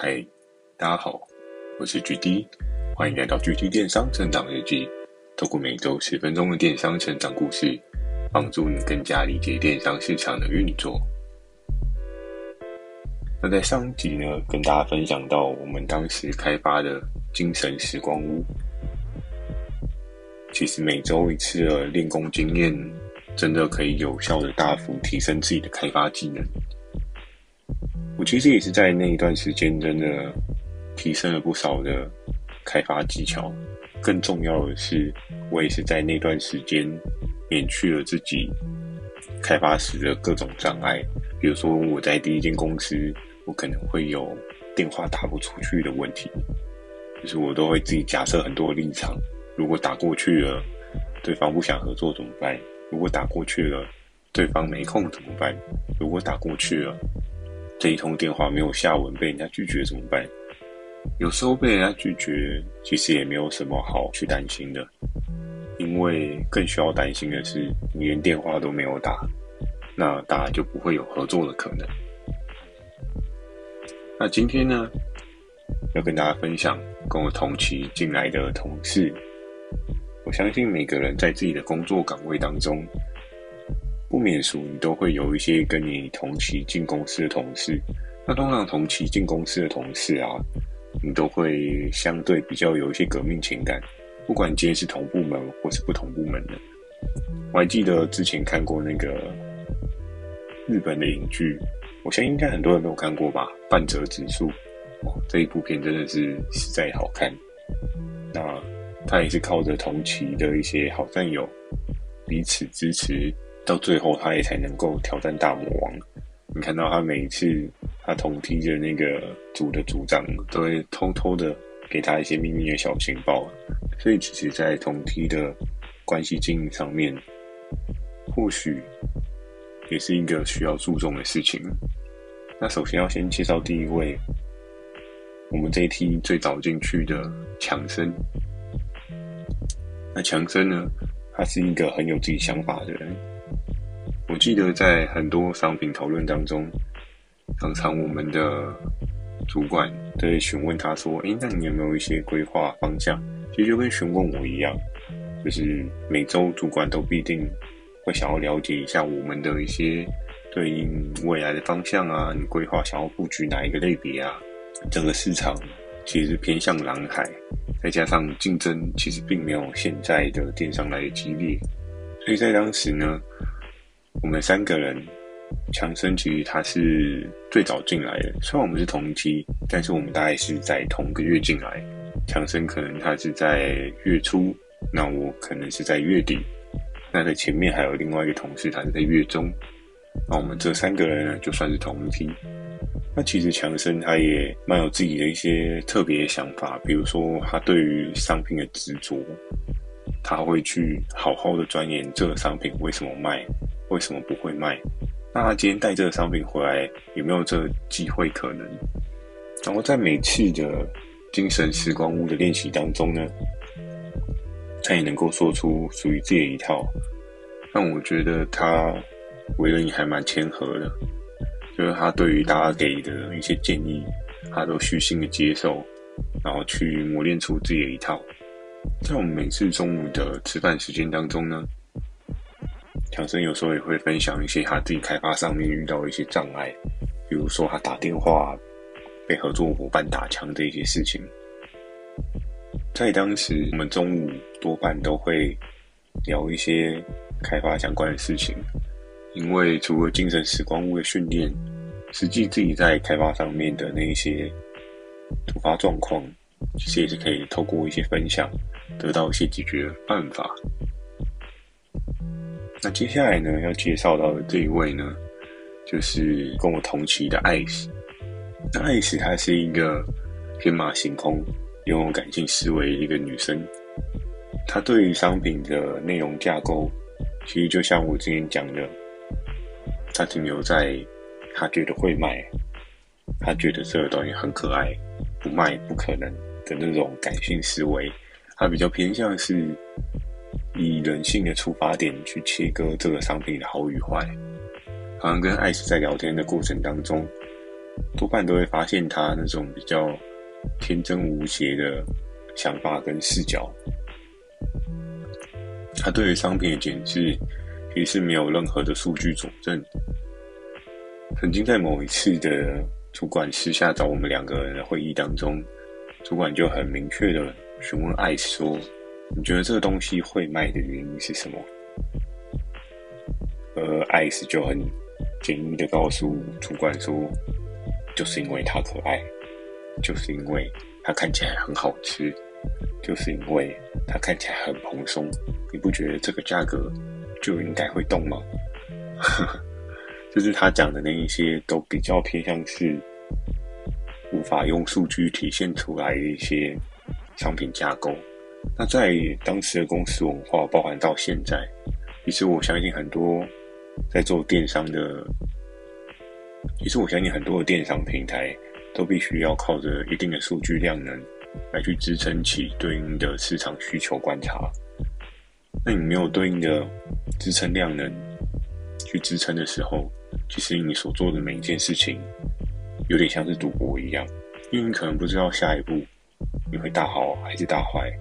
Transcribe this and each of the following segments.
嗨，Hi, 大家好，我是 GD，歡迎來到 GD 電商成長日記，透過每週十分鐘的電商成長故事，幫助你更加理解電商市場的運作。那在上一集呢，跟大家分享到我們當時開發的精神時光屋，其實每週一次的練功經驗，真的可以有效的大幅提升自己的開發技能。我其實也是在那一段時間，真的提升了不少的開發技巧。更重要的是，我也是在那段時間免去了自己開發時的各種障礙。比如說，我在第一間公司，我可能會有電話打不出去的問題，就是我都會自己假設很多立場：如果打過去了，對方不想合作怎麼辦？如果打過去了，對方沒空怎麼辦？如果打過去了，這一通電話沒有下文，被人家拒絕怎麼辦？有時候被人家拒絕，其實也沒有什麼好去擔心的，因為更需要擔心的是你連電話都沒有打，那當然就不會有合作的可能。那今天呢，要跟大家分享跟我同期進來的同事，我相信每個人在自己的工作崗位當中。不免俗，你都會有一些跟你同期進公司的同事。那通常同期進公司的同事啊，你都會相對比較有一些革命情感，不管今天是同部門或是不同部門的。我還記得之前看過那個日本的影劇，我相信應該很多人都有看過吧，《半澤直樹》這一部片真的是實在好看。那他也是靠着同期的一些好戰友，彼此支持。到最後，他也才能夠挑戰大魔王。你看到他每一次，他同梯的那個組的組長，都會偷偷的給他一些秘密的小情報。所以，其實在同梯的關係經營上面，或許也是一個需要注重的事情。那首先要先介紹第一位，我們這一梯最早進去的強生。那強生呢，他是一個很有自己想法的人。我記得在很多商品討論當中，常常我們的主管都會詢問他說：“誒，那你有沒有一些規劃方向？”其實就跟詢問我一樣，就是每周主管都必定會想要了解一下我們的一些對應未來的方向啊，你規劃想要布局哪一個類別啊？整個市場其實偏向藍海，再加上競爭其實並沒有現在的電商來的激烈，所以在當時呢。我們三個人，強生其實他是最早進來的。雖然我們是同一期，但是我們大概是在同個月進來。強生可能他是在月初，那我可能是在月底。那在前面還有另外一個同事，他是在月中。那我們這三個人呢，就算是同一批。那其實強生他也蠻有自己的一些特別的想法，比如說他對於商品的執着，他會去好好的鑽研這個商品為什麼賣。為什麼不會賣？那他今天帶這個商品回來，有沒有這個機會可能？然後在每次的精神時光屋的練習當中呢，他也能夠說出屬於自己的一套。那我覺得他為人也還蠻謙和的，就是他對於大家給的一些建議，他都虛心的接受，然後去磨練出自己的一套。在我們每次中午的吃飯時間當中呢。強生有時候也會分享一些他自己開發上面遇到的一些障礙，比如說他打電話被合作夥伴打槍的一些事情。在當時，我們中午多半都會聊一些開發相關的事情，因為除了精神時光屋的訓練，實際自己在開發上面的那一些突發狀況，其實也是可以透過一些分享，得到一些解決辦法。那接下來呢，要介紹到的這一位呢，就是跟我同期的艾斯。那艾斯她是一個天馬行空、擁有感性思維的一個女生。她對於商品的內容架構，其實就像我之前講的，她停留在她覺得會賣，她覺得這個東西很可愛，不賣不可能的那種感性思維。她比較偏向是。以人性的出發點去切割這個商品的好與壞，好像跟艾斯在聊天的過程當中，多半都會發現他那種比較天真無邪的想法跟視角。他對於商品的檢視，其實沒有任何的數據佐證。曾經在某一次的主管私下找我們兩個人的會議當中，主管就很明確的詢問艾斯說：你覺得這個東西會賣的原因是什麼？而艾斯就很簡易的告訴主管說，就是因為它可愛，就是因為它看起來很好吃，就是因為它看起來很蓬鬆。你不覺得這個價格就應該會動嗎？ 就是他講的那一些，都比較偏向是無法用數據體現出來的一些商品架構。那在當時的公司文化，包含到現在，其實我相信很多在做電商的，其實我相信很多的電商平台都必須要靠着一定的數據量能來去支撐起對應的市場需求觀察。那你沒有對應的支撐量能去支撐的時候，其實你所做的每一件事情有點像是賭博一樣，因為你可能不知道下一步你會大好還是大壞。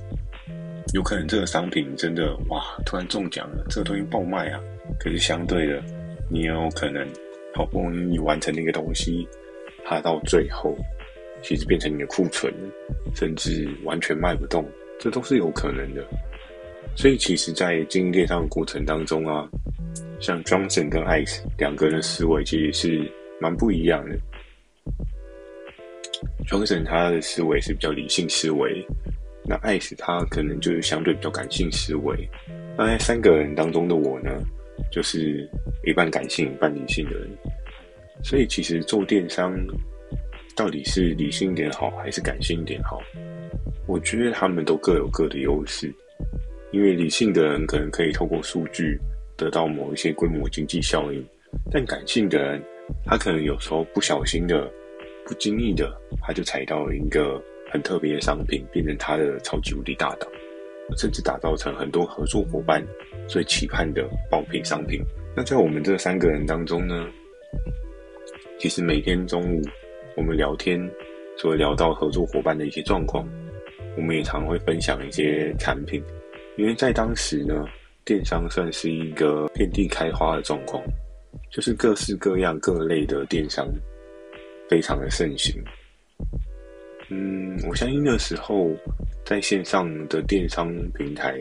有可能這個商品真的哇，突然中獎了，這個東西爆賣啊！可是相對的，你也有可能好不容易完成的一個東西，它到最後其實變成你的庫存了，甚至完全賣不動，這都是有可能的。所以，其實，在經營電商的過程當中啊，像 Johnson 跟 X 兩個人的思維其實是蠻不一樣的。Johnson 他的思維是比較理性思維。那艾斯他可能就是相對比較感性思維，那三個人當中的我呢，就是一半感性一半理性的人，所以其實做電商到底是理性一點好還是感性一點好？我覺得他們都各有各的優勢，因為理性的人可能可以透過數據得到某一些規模經濟效應，但感性的人他可能有時候不小心的、不經意的，他就踩到了一個。很特別的商品，變成他的超級無敵大單，甚至打造成很多合作夥伴最期盼的爆品商品。那在我們這三個人當中呢，其實每天中午我們聊天，所聊到合作夥伴的一些狀況，我們也常會分享一些產品，因為在當時呢，電商算是一個遍地開花的狀況，就是各式各樣各類的電商非常的盛行。嗯，我相信那時候在線上的電商平台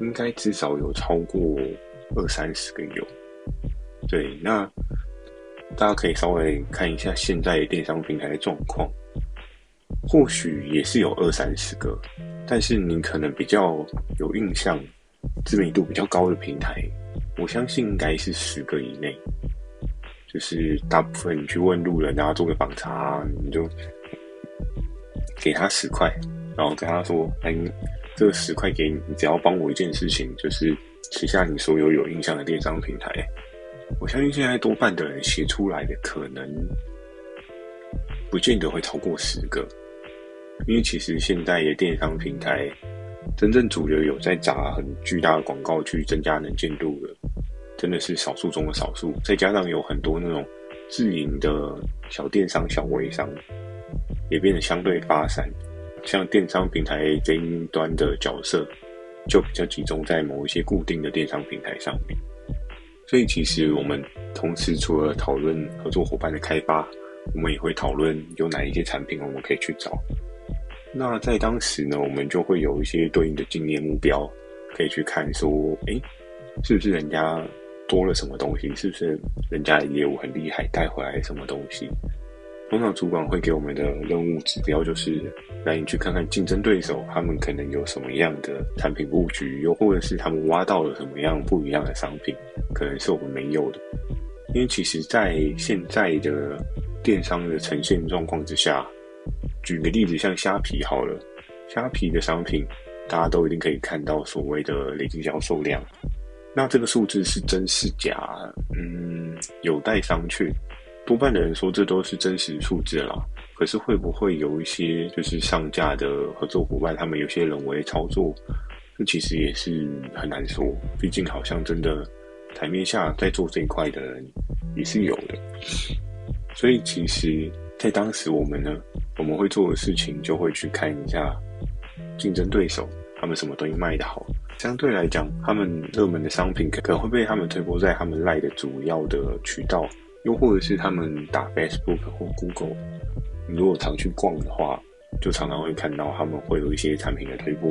應該至少有超過二三十個有。對，那大家可以稍微看一下現在電商平台的狀況，或許也是有二三十個，但是你可能比較有印象、知名度比較高的平台，我相信應該是十個以內。就是大部分你去問路人，啊，做個訪查，你就，給他十塊，然後跟他說：“哎、欸，這個十塊給你，你只要幫我一件事情，就是寫下你所有有印象的電商平台。我相信現在多半的人寫出來的可能不見得會超過十個，因為其實現在的電商平台，真正主流有在砸很巨大的廣告去增加能見度的，真的是少數中的少數。再加上有很多那種自營的小電商、小微商。”也變得相對發散，像電商平台這一端的角色，就比較集中在某一些固定的電商平台上面。所以，其實我們同時除了討論合作夥伴的開發，我們也會討論有哪一些產品我們可以去找。那在當時呢，我們就會有一些對應的競業目標，可以去看說，誒、欸，是不是人家多了什麼東西？是不是人家的業務很厲害，帶回來什麼東西？通常主管會給我們的任務指標，就是讓你去看看競爭對手，他們可能有什麼樣的產品布局，又或者是他們挖到了什麼樣不一樣的商品，可能是我們沒有的。因為其實，在現在的電商的呈現狀況之下，舉個例子，像蝦皮好了，蝦皮的商品，大家都一定可以看到所謂的累計銷售量，那這個數字是真是假，嗯，有待商榷。多半的人說這都是真實數字啦。可是會不會有一些就是上架的合作夥伴，他們有些人為操作，這其實也是很難說。畢竟好像真的台面下在做這一塊的人也是有的，所以其實，在當時我們呢，我們會做的事情就會去看一下競爭對手他們什麼東西賣得好。相對來講，他們熱門的商品可能會被他們推播在他們賴的主要的渠道。又或者是他們打 Facebook 或 Google，你如果常去逛的話，就常常會看到他們會有一些產品的推播，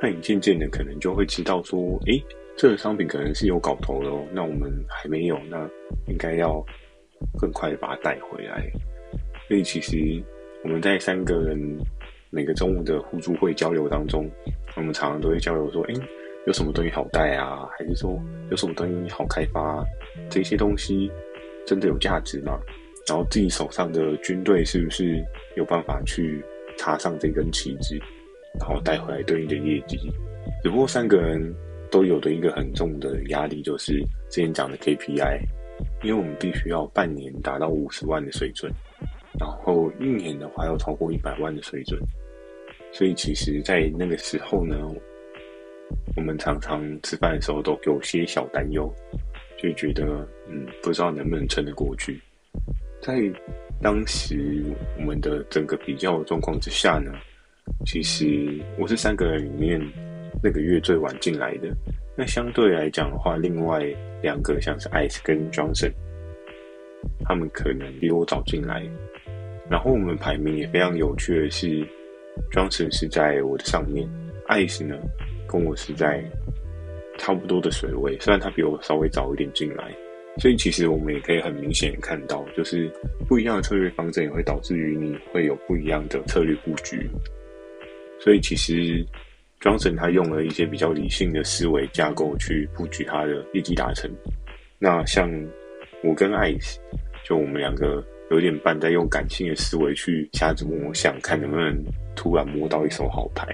那你漸漸的可能就會知道說，誒、欸，這個商品可能是有搞頭的哦，那我們還沒有，那應該要更快的把它帶回來。所以其實我們在三個人每個中午的互助會交流當中，我們常常都會交流說，誒、欸，有什麼東西好帶啊？還是說有什麼東西好開發啊？這些東西。真的有價值嗎？然後自己手上的軍隊是不是有辦法去插上這根旗幟，然後帶回來對應的業績？只不過三個人都有的一個很重的壓力，就是之前講的 KPI，因為我們必須要半年達到五十萬的水準，然後一年的話要超過一百萬的水準。所以其實，在那個時候呢，我們常常吃飯的時候都有些小擔憂。就覺得，嗯，不知道能不能撐得過去。在當時我們的整個比較狀況之下呢，其實我是三個人裡面那個月最晚進來的。那相對來講的話，另外兩個像是艾斯跟 Johnson，他們可能比我早進來。然後我們排名也非常有趣的是，Johnson 是在我的上面，艾斯呢跟我是在差不多的水位，雖然他比我稍微早一點進來，所以其實我們也可以很明顯的看到，就是不一樣的策略方針也會導致於你會有不一樣的策略布局。所以其實莊神他用了一些比較理性的思維架構去布局他的業績達成。那像我跟 ice 就我們兩個有點半在用感性的思維去瞎子摸摸象，看能不能突然摸到一手好牌。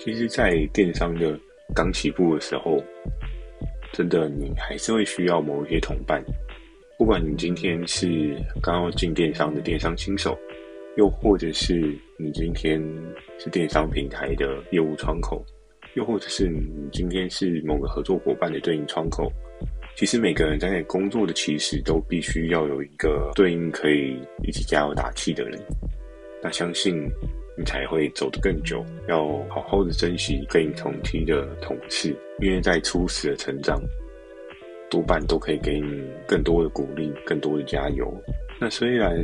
其實，在電商的剛起步的時候。真的，你還是會需要某一些同伴。不管你今天是剛要進電商的電商新手，又或者是你今天是電商平台的業務窗口，又或者是你今天是某個合作夥伴的對應窗口，其實每個人在那工作的，其實都必須要有一個對應可以一起加油打氣的人。那相信。你才會走得更久，要好好的珍惜跟你同梯的同事，因為在初始的成長，多半都可以給你更多的鼓勵，更多的加油。那雖然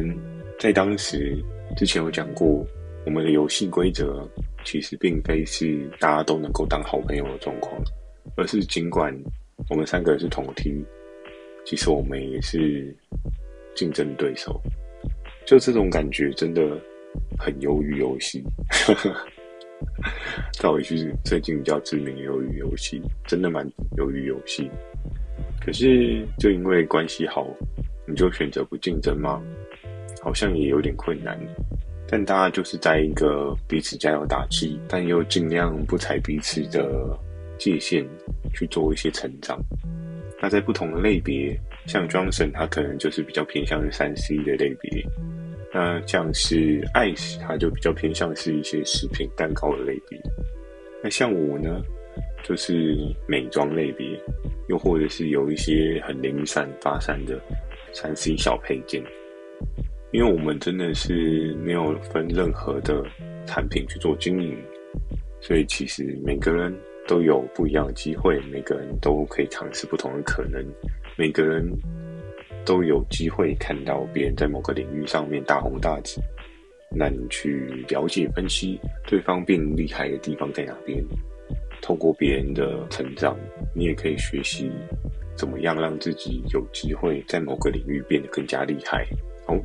在當時之前有講過，我們的遊戲規則其實並非是大家都能夠當好朋友的狀況，而是儘管我們三個是同梯，其實我們也是競爭對手。就這種感覺，真的。很魷魚遊戲， 再回去最近比較知名魷魚遊戲，真的蠻魷魚遊戲。可是就因為關係好，你就選擇不競爭嗎？好像也有點困難。但大家就是在一個彼此加油打氣，但又儘量不踩彼此的界限去做一些成長。那在不同的類別，像莊神他可能就是比較偏向於三 C 的類別。那像是 ICE，它就比較偏向是一些食品蛋糕的類別。那像我呢，就是美妝類別，又或者是有一些很零散發散的三 C 小配件。因為我們真的是沒有分任何的產品去做經營，所以其實每個人都有不一樣的機會，每個人都可以嘗試不同的可能，每個人都有機會看到別人在某個領域上面大紅大紫，那你去了解分析對方變厲害的地方在哪邊，透過別人的成長，你也可以學習怎麼樣讓自己有機會在某個領域變得更加厲害。好，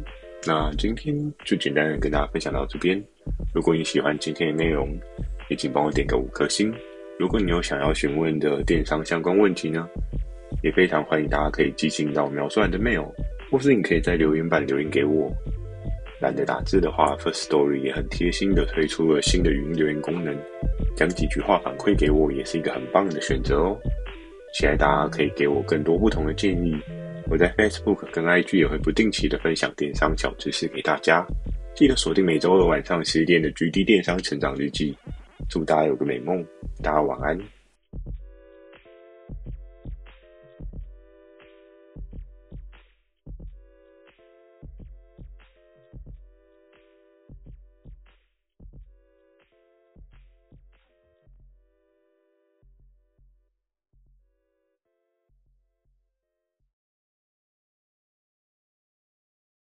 那今天就簡單的跟大家分享到這邊。如果你喜歡今天的內容，也請幫我點個五顆星。如果你有想要詢問的電商相關問題呢，也非常歡迎大家可以寄信到描述欄的 mail，或是你可以在留言板留言給我。懶得打字的話，Firstory 也很貼心的推出了新的語音留言功能，講幾句話反饋給我也是一個很棒的選擇哦。期待大家可以給我更多不同的建議。我在 Facebook 跟 IG 也會不定期的分享電商小知識給大家。記得鎖定每周二晚上十點的 GD 電商成長日記。祝大家有個美夢，大家晚安。